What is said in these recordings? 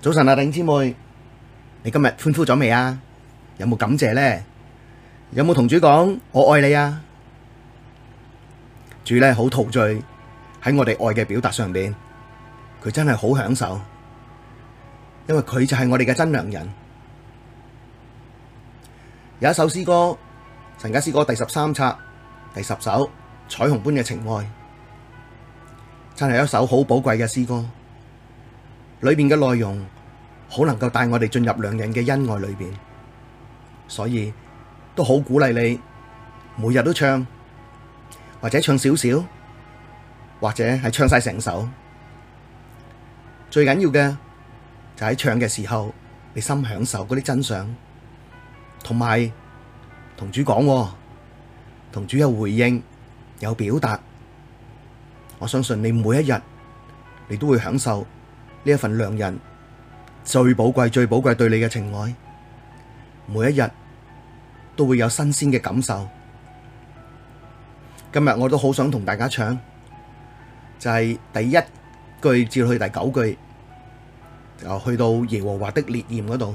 早晨啊，頂姊妹，你今日歡呼咗未啊？有冇感謝咧？有冇同主講我愛你啊？主咧好陶醉喺我哋愛嘅表達上邊，佢真係好享受，因為佢就係我哋嘅真良人。有一首詩歌，神家詩歌第十三冊第十首《彩虹般嘅情愛》，真係一首好寶貴嘅詩歌。裏面嘅內容，好能夠帶我哋進入兩人嘅恩愛裏邊，所以都好鼓勵你，每日都唱，或者唱少少，或者係唱晒成首。最緊要嘅就係唱嘅時候，你心享受嗰啲真相，同埋同主講喎，同主有回應，有表達。我相信你每一日，你都會享受。呢一份良人最寶貴、最寶貴對你嘅情愛，每一日都會有新鮮嘅感受。今日我都好想同大家唱，就係、是、第一句至去第九句，啊，去到耶和華的烈焰嗰度。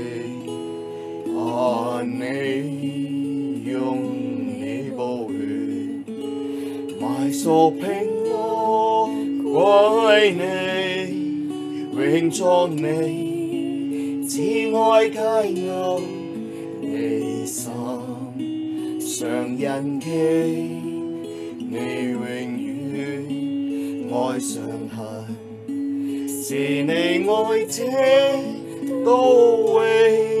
但、啊、你用你寶血買贖、聘我歸，你永作你至愛佳偶，你心上印記，你永遠愛傷痕，是你愛證到永恆。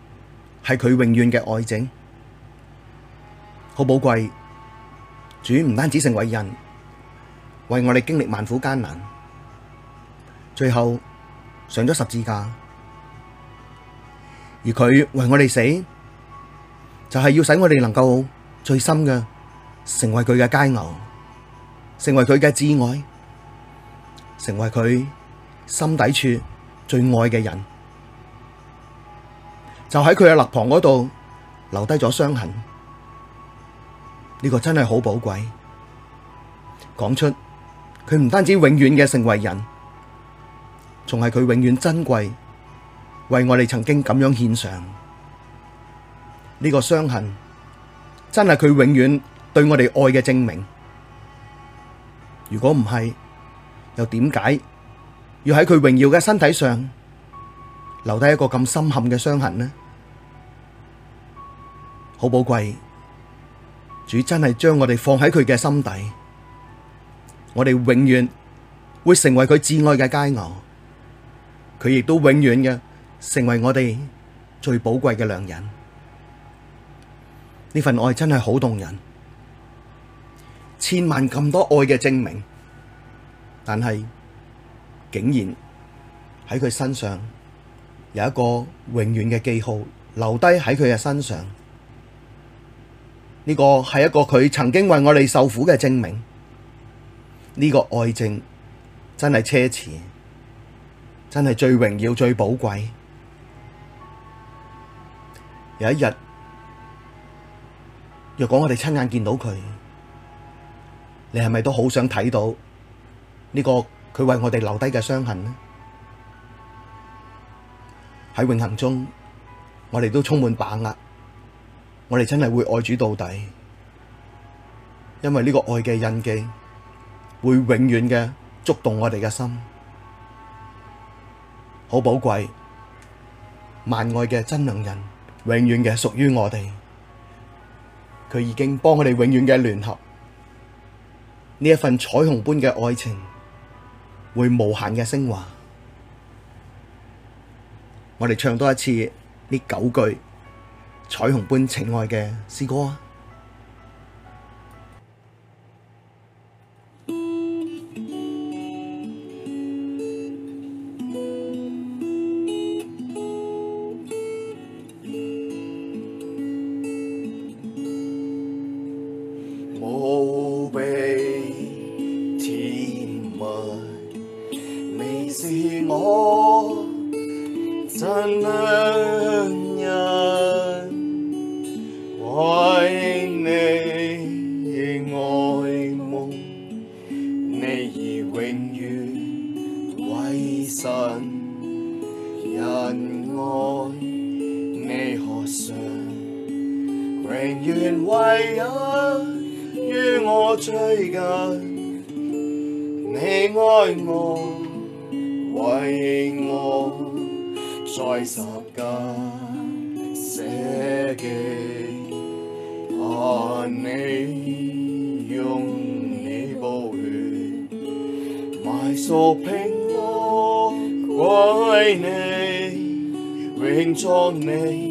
係佢永遠嘅愛證，好寶貴。主唔單止成為人，為我哋經歷萬苦艱難，最後上咗十字架，而佢為我哋死，就係、是、要使我哋能夠最深嘅成為佢嘅佳偶，成為佢嘅至愛，成為佢心底處最愛嘅人。就喺佢嘅肋旁嗰度留低咗傷痕，呢個真係好寶貴。講出佢唔單止永遠嘅成為人，仲係佢永遠珍貴，為我哋曾經咁樣獻上呢個傷痕，真係佢永遠對我哋愛嘅證明。如果唔係，又點解要喺佢榮耀嘅身體上留低一個咁深陷嘅傷痕呢？好寶貴，主真係將我哋放喺佢嘅心底，我哋永遠會成為佢至愛嘅佳偶，佢亦都永遠嘅成為我哋最寶貴嘅良人。呢份愛真係好動人，千萬咁多愛嘅證明，但係竟然喺佢身上有一個永遠嘅記號，留低喺佢嘅身上。呢個係一個佢曾經為我哋受苦嘅證明，呢、這個愛證真係奢侈，真係最榮耀、最寶貴。有一日，若果我哋親眼見到佢，你係咪都好想睇到呢個佢為我哋留低嘅傷痕呢？喺永恆中，我哋都充滿把握。我哋真係會愛主到底，因為呢個愛嘅印記會永遠嘅觸動我哋嘅心，好寶貴。萬愛嘅真良人，永遠嘅屬於我哋。佢已經幫我哋永遠嘅聯合，呢一份彩虹般嘅愛情會無限嘅升華。我哋唱多一次呢九句。彩虹般情愛嘅詩歌啊！永遠為人，於我最近，你愛我，為我在十架捨己，怕、啊、你用你寶血買贖聘我，歸祢，永作祢。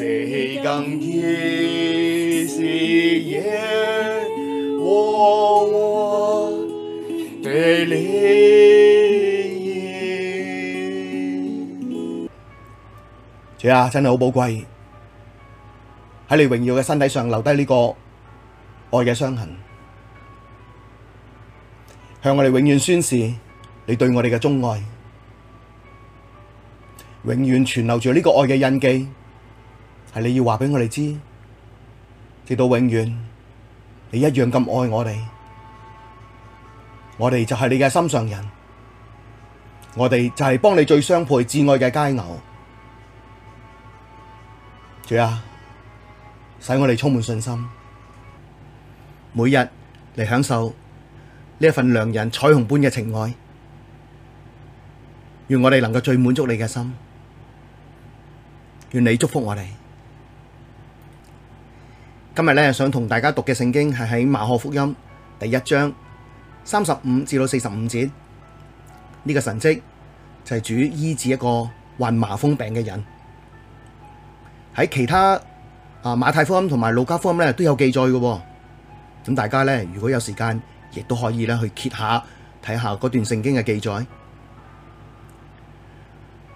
誰敢欺誰？我我對你。主啊，真係好寶貴，喺你榮耀嘅身體上留低呢個愛嘅傷痕，向我哋永遠宣示你對我哋嘅鍾愛，永遠存留住呢個愛嘅印記。係你要話俾我哋知，直到永遠，你一樣咁愛我哋，我哋就係你嘅心上人，我哋就係幫你最相配、至愛嘅佳偶。主啊，使我哋充滿信心，每日嚟享受呢一份良人彩虹般嘅情愛，願我哋能夠最滿足你嘅心，願你祝福我哋。今日咧想同大家讀嘅聖經係喺馬可福音第一章三十五至到四十五節，呢個神蹟就係主醫治一個患麻風病嘅人。喺其他啊馬太福音同埋路加福音咧都有記載嘅。咁大家咧如果有時間，亦都可以咧去揭下睇下嗰段聖經嘅記載。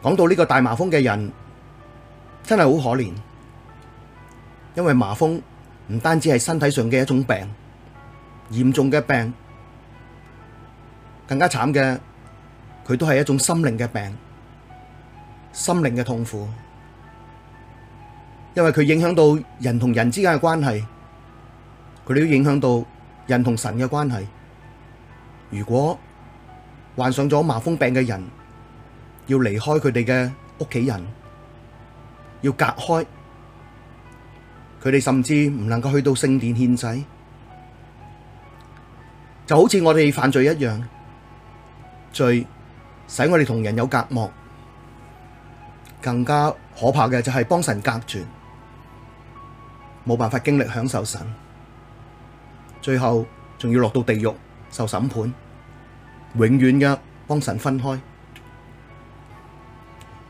講到呢個大麻風嘅人，真係好可憐，因為麻風。唔單止係身體上嘅一種病，嚴重嘅病，更加慘嘅，佢都係一種心靈嘅病，心靈嘅痛苦，因為佢影響到人同人之間嘅關係，佢都影響到人同神嘅關係。如果患上咗麻風病嘅人，要離開佢哋嘅屋企人，要隔開。佢哋甚至唔能夠去到聖殿獻祭，就好似我哋犯罪一樣，罪使我哋同人有隔膜。更加可怕嘅就係幫神隔絕，冇辦法經歷享受神，最後仲要落到地獄受審判，永遠嘅幫神分開。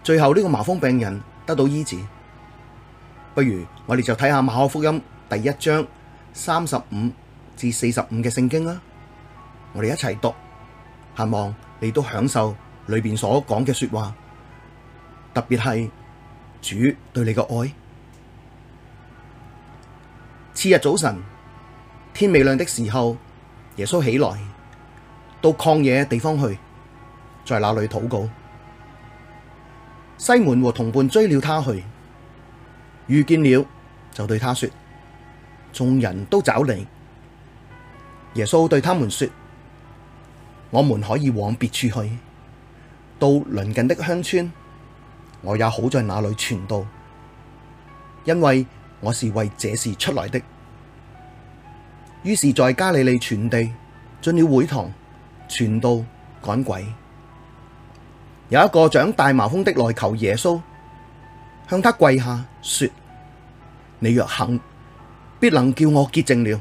最後呢個麻風病人得到醫治。不如我哋就睇下馬可福音第一章三十五至四十五嘅聖經啦，我哋一齊讀，盼望你都享受裏邊所講嘅說話，特別係主對你嘅愛。次日早晨，天未亮的時候，耶穌起來，到曠野嘅地方去，在那裡禱告。西門和同伴追了他去。遇見了，就對他說：眾人都找你。耶穌對他們說：我們可以往別處去，到鄰近的鄉村，我也好在那裏傳道，因為我是為這事出來的。於是，在加利利全地進了會堂，傳道趕鬼。有一個長大麻風的來求耶穌。向他跪下，說：你若肯，必能叫我潔淨了。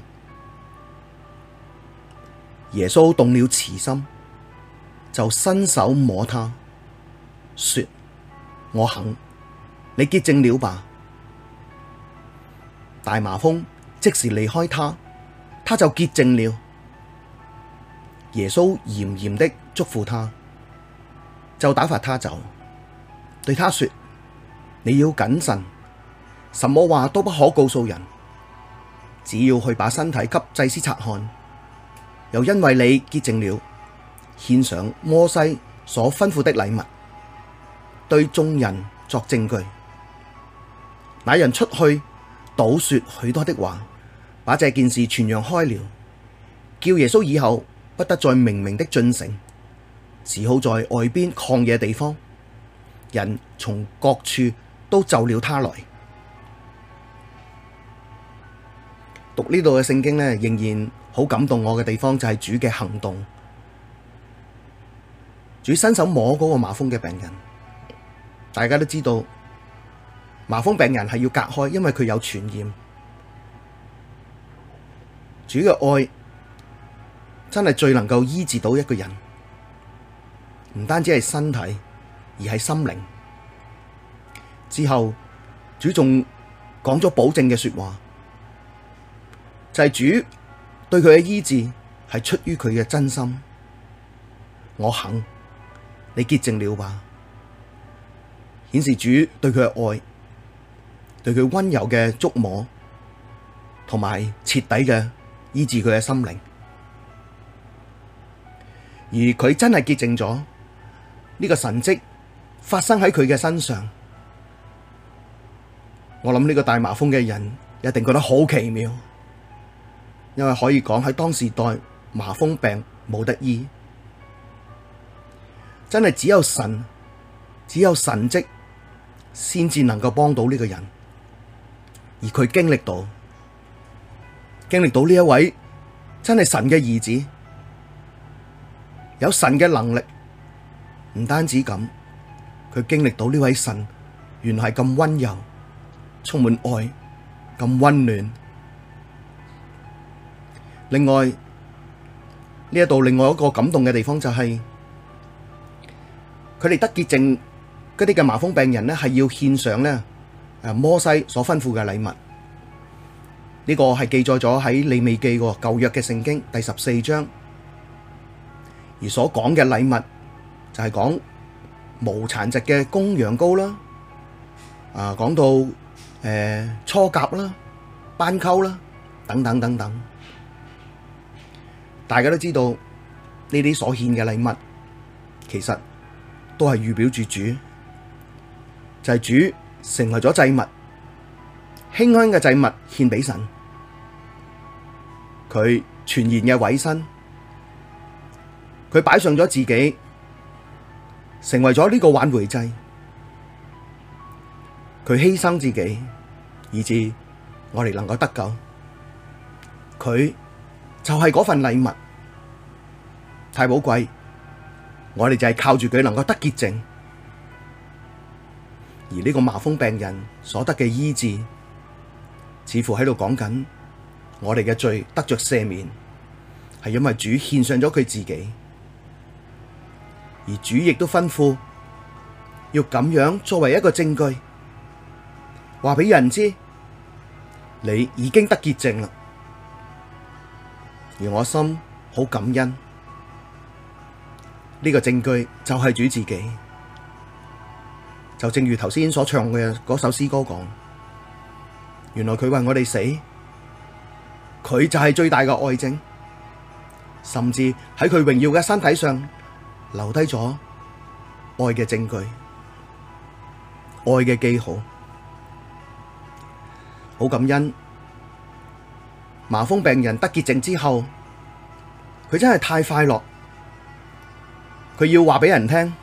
耶穌動了慈心，就伸手摸他，說：我肯，你潔淨了吧。大麻風即時離開他，他就潔淨了。耶穌嚴嚴的囑咐他，就打發他走，對他說。你要謹慎，什麼話都不可告訴人。只要去把身體給祭司察看，又因為你潔淨了，獻上摩西所吩咐的禮物，對眾人作證據。那人出去，倒說許多的話，把這件事傳揚開了，叫耶穌以後不得再明明的進城，只好在外邊曠野地方，人從各處。都就了他來。讀呢度嘅聖經呢，仍然好感動我嘅地方就係主嘅行動，主伸手摸嗰個麻風嘅病人，大家都知道麻風病人係要隔開，因為佢有傳染。主嘅愛真係最能夠醫治到一個人，唔單止係身體，而係心靈。之後，主仲講咗保證嘅說話，就係、是、主對佢嘅醫治係出於佢嘅真心。我肯，你潔淨，你潔淨了吧！顯示主對佢嘅愛，對佢溫柔嘅觸摸，同埋徹底嘅醫治佢嘅心靈。而佢真係潔淨咗，呢、這個神蹟發生喺佢嘅身上。我諗呢個大麻風嘅人一定覺得好奇妙，因為可以講喺當時代麻風病冇得醫，真係只有神，只有神蹟，先至能夠幫到呢個人。而佢經歷到，經歷到呢一位真係神嘅兒子，有神嘅能力，唔單止咁，佢經歷到呢位神原來係咁溫柔。充滿愛，咁溫暖。另外，呢一度另外一個感動嘅地方就係，佢哋得潔淨嗰啲嘅麻風病人咧，係要獻上咧，誒，摩西所吩咐嘅禮物。呢個係記載咗喺利未記舊約嘅聖經第十四章，而所講嘅禮物就係講無殘疾嘅公羊羔啦。啊，講到。誒，初甲啦，斑鳩啦，等等等等，大家都知道呢啲所獻嘅禮物，其實都係預表住主，就係、是、主成為咗祭物，馨香嘅祭物獻畀神，佢全然嘅委身，佢擺上咗自己，成為咗呢個挽回祭。佢犧牲自己，以致我哋能夠得救。佢就係嗰份禮物，太寶貴。我哋就係靠住佢能夠得潔淨。而呢個麻風病人所得嘅醫治，似乎喺度講緊我哋嘅罪得着赦免，係因為主獻上咗佢自己。而主亦都吩咐要咁樣作為一個證據。話俾人知，你已經得潔淨啦，而我心好感恩。呢、這個證據就係主自己，就正如頭先所唱嘅嗰首詩歌講：原來佢為我哋死，佢就係最大嘅愛證，甚至喺佢榮耀嘅身體上留低咗愛嘅證據，愛嘅記號。好感恩，麻風病人得潔淨之後，佢真係太快樂，佢要話畀人聽，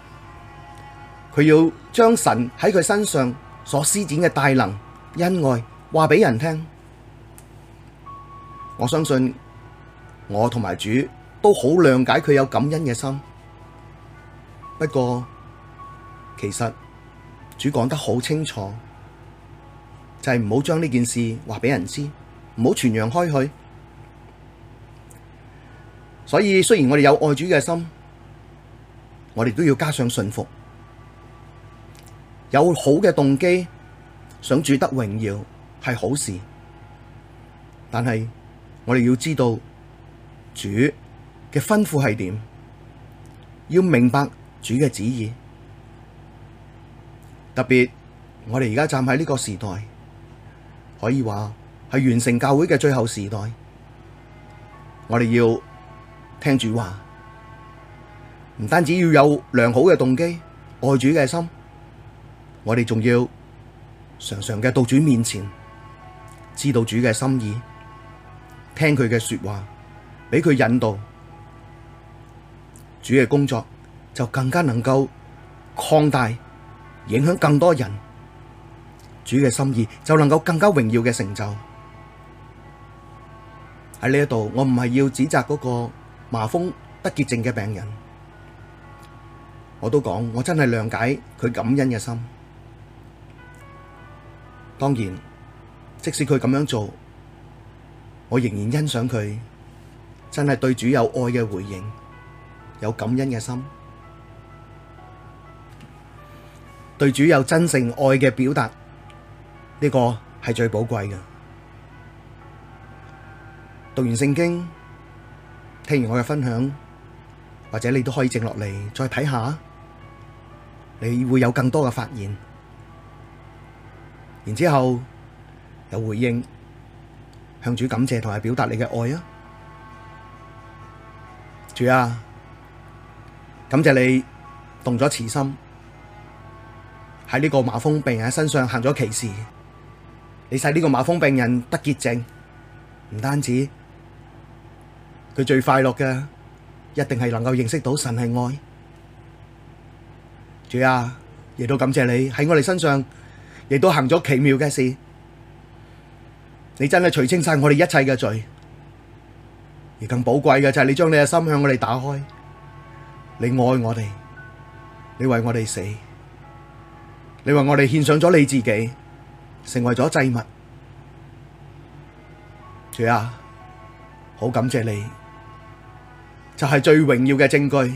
佢要將神喺佢身上所施展嘅大能、恩愛話畀人聽。我相信我同埋主都好諒解佢有感恩嘅心，不過其實主講得好清楚。就係唔好將呢件事話俾人知，唔好傳揚開去。所以雖然我哋有愛主嘅心，我哋都要加上信服。有好嘅動機，想主得榮耀係好事，但係我哋要知道，主嘅吩咐係點？要明白主嘅旨意。特別，我哋而家站喺呢個時代。可以話係完成教會嘅最後時代，我哋要聽主話，唔單止要有良好嘅動機、愛主嘅心，我哋仲要常常嘅到主面前，知道主嘅心意，聽佢嘅說話，俾佢引導，主嘅工作就更加能夠擴大，影響更多人。主嘅心意就能夠更加榮耀嘅成就喺呢一度。我唔係要指責嗰個麻風得潔淨嘅病人，我都講我真係諒解佢感恩嘅心。當然，即使佢咁樣做，我仍然欣賞佢真係對主有愛嘅回應，有感恩嘅心，對主有真誠愛嘅表達。呢個係最寶貴嘅。讀完聖經，聽完我嘅分享，或者你都可以靜落嚟再睇下，你會有更多嘅發現。然之後有回應，向主感謝同埋表達你嘅愛啊！主啊，感謝你動咗慈心，喺呢個麻風病人身上行咗奇事。你使呢個痲瘋病人得潔淨，唔單止，佢最快樂嘅，一定係能夠認識到神係愛。主啊，亦都感謝你喺我哋身上，亦都行咗奇妙嘅事。你真係除清晒我哋一切嘅罪，而更寶貴嘅就係你將你嘅心向我哋打開，你愛我哋，你為我哋死，你為我哋獻上咗你自己。成為咗祭物，主啊，好感謝你，就係最榮耀嘅證據，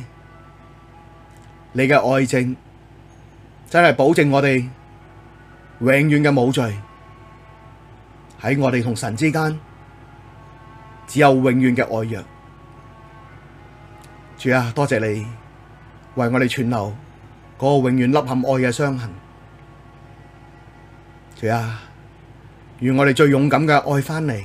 你嘅愛證真係保證我哋永遠嘅冇罪，喺我哋同神之間只有永遠嘅愛約，主啊，多謝你為我哋存留嗰個永遠凹陷愛嘅傷痕。啊！願我哋最勇敢嘅愛返嚟。